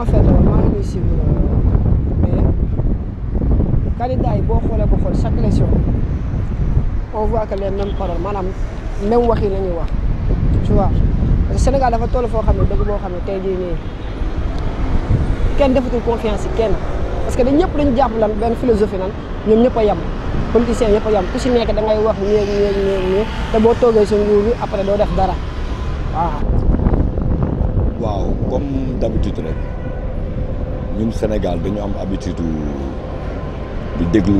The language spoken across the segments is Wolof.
en fait maa ngi lay suivre mais candidat yi boo xoolee ba xool chaque élection on voit que les mêmes paroles maanaam même wax yi la ñuy wax tu vois parce que Sénégal dafa toll foo xam ne dëgg boo xam ne tey jii nii kenn defatul confiance yi kenn parce que dañ ñëpp dañu jàpp lan benn philosophie nan ñoom ñëpp a yem politiciens ñëpp a nekk da wax ñeeg ñeeg te boo toogee sa nguur gi après doo def dara waaw. waaw comme d'habitude rek. Nous Sénégal dañu am habitude di déglu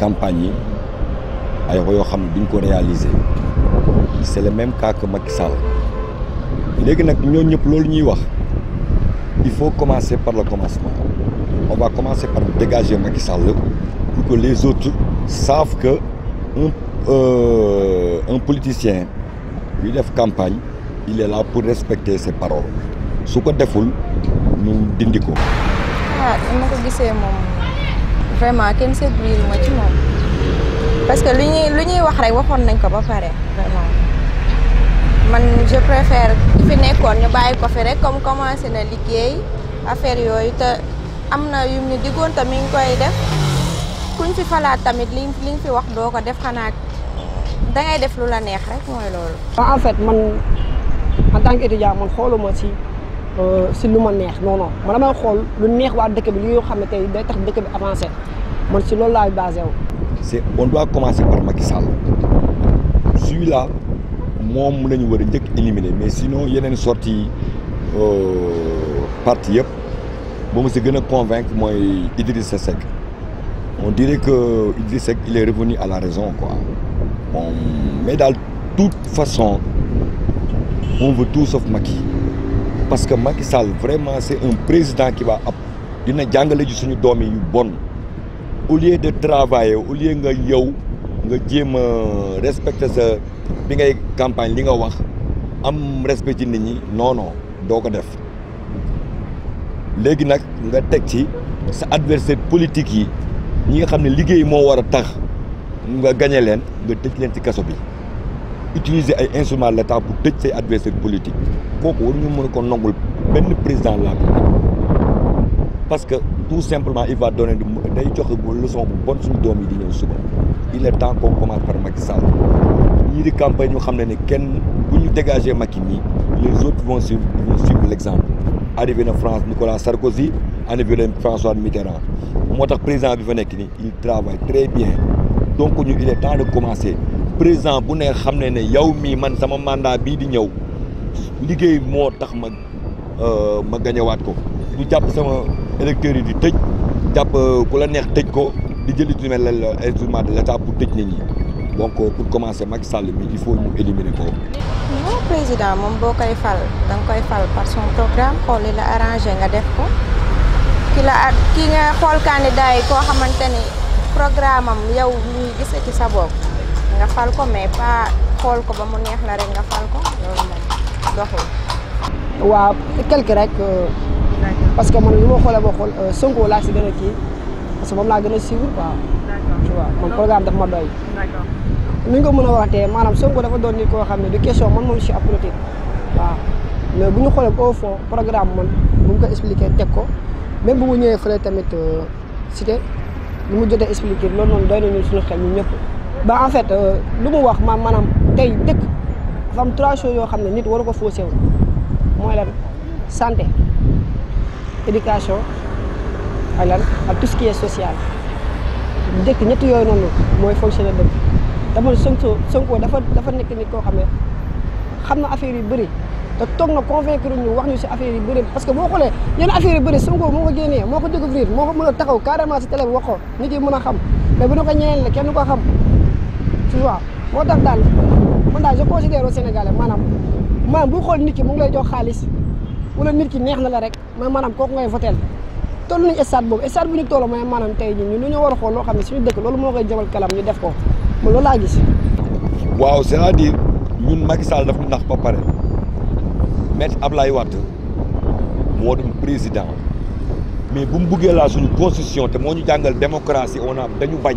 campagne et ay xam réaliser c'est le même cas que Macky Sall ñoo ñuy wax il faut commencer par le commencement on va commencer par dégager Macky Sall pour que les autres savent que un euh, politicien qui fait campagne il est là pour respecter ses paroles su ko deful ñu dindi ko. ah dama ko gisee moom vraiment kenn séduire ma ci moom parce que lu ñuy ñuy wax rek waxoon nañ ko ba pare vraiment man je préfère fi nekkoon ñu bàyyi ko fi rek comme commencé na liggéey affaire yooyu te am na yu ñu diggoon te mi ngi koy def kuñ fi falaat tamit li liñ fi wax doo ko def xanaa dangay def lu la neex rek mooy loolu. Ah, en fait man en tant qu'étudiant man xooluma ci. Euh, si le neex non non man damay xool lu neex waa dëkk bi li yoo xam ne tax avancé man si loolu laay on doit commencer par Macky Sall celui-là je ne veux pas éliminer mais sinon a une sortie. Euh, partie ba mu si gën a convaincre moi, Idriss Seck on dirait que Idriss est revenu à la raison quoi mais de toute façon on veut tout sauf Macky parce que Macky Sall vraiment c' est un président qui va ab dina jàngale ji suñu doom yi yu bon au lieu de travailler au lieu nga yow nga jéem a respecter sa bi ngay campagne li nga wax am respect ci nit ñi noonoo doo ko def léegi nag nga teg ci sa adversaire politique yi ñi nga xam ne liggéey moo war a tax nga gañe leen nga tëj leen ci kaso bi. utiliser ay instruments de l'État pour détruire ses adversaires politiques kooku waruñu mën ko nongul un président la parce que tout simplement il va donner une leçon pour bonne suñu doom di il est temps qu'on commence par Macky Sall Nous di campagne ñu savons que ne kenn bu dégager Macky les autres vont suivre l'exemple. arrivé en France Nicolas Sarkozy arrivé France François Mitterrand Moi, le président bi fa il travaille très bien donc il est temps de commencer président bu nee xam ne ne yow mii man sama mandat bii di ñëw liggéey moo tax ma euh, ma gañewaat ko du jàpp sama électeurs di tëj jàpp euh, ku la neex tëj ko di jël lu mel ne instrument de l'état pour tëj nit ñi donc euh, pour commencer mag Sall mi il faut ñu éliminer ko. non président moom boo koy fal da koy fal par son programme xool li la arrangé nga def ko ki la at ki nga xool candidat yi koo xamante ni programme am yow ñuy ci sa bopp. nga fal ko mais pas xool ko ba mu neex la rek nga fal ko loolu moom doxul. waaw quelque rek. Euh, parce que man li ma xoolee ba xool euh, Sonko laa si gën kii parce que moom laa gën a suivre waaw. tu vois man programme daf ma doy. ni ñu ko mën a waxtee maanaam Sonko dafa doon nit koo xam ne du question man moom si suis waaw mais bu ñu xoolee au fond programme man bu ñu ko expliqué teg ko même bu mu ñëwee fële tamit euh, cité bu mu jotee expliqué loolu noonu doy nañu suñu xel ñu ñëpp. ba en fait euh, lu mu wax ma maanaam tey dëkk dafa am yoo xam ne nit waru ko faussé wu mooy lan santé éducation ak lan ak tout ce qui est social dëkk ñett yooyu noonu mooy fonctionner dëkk dama dafa nekk nit koo xam ne xam na affaire yu bëri te toog na convaincre ñu wax ñu si affaire yu parce que boo xoolee yenn affaire yu bëri Sonko moo ko génnee moo ko découvrir moo ko mën a taxaw carrément si télé wax ko nit yi mën a xam mais bu ñu ko ñeneen la kenn ko xam waaw moo tax daal man daal je considère au Sénégalais maanaam bu xool nit ki mu ngi lay jox xaalis wala nit ki neex na la rek mais maanaam kooku ngay votel toll nañu stade boobu stade bu ñu toll mooy maanaam tey ñun ñun war a xool loo xam ne suñu dëkk loolu moo koy jëmal kalam ñu def ko ba loolu laa gis. waaw c'est-à-dire ñun Macky Sall daf ñu nax ba pare maître Ablaye Wade moo doon président mais bu mu buggee laa suñu constitution te moo ñu jàngal démocratie dañu bañ.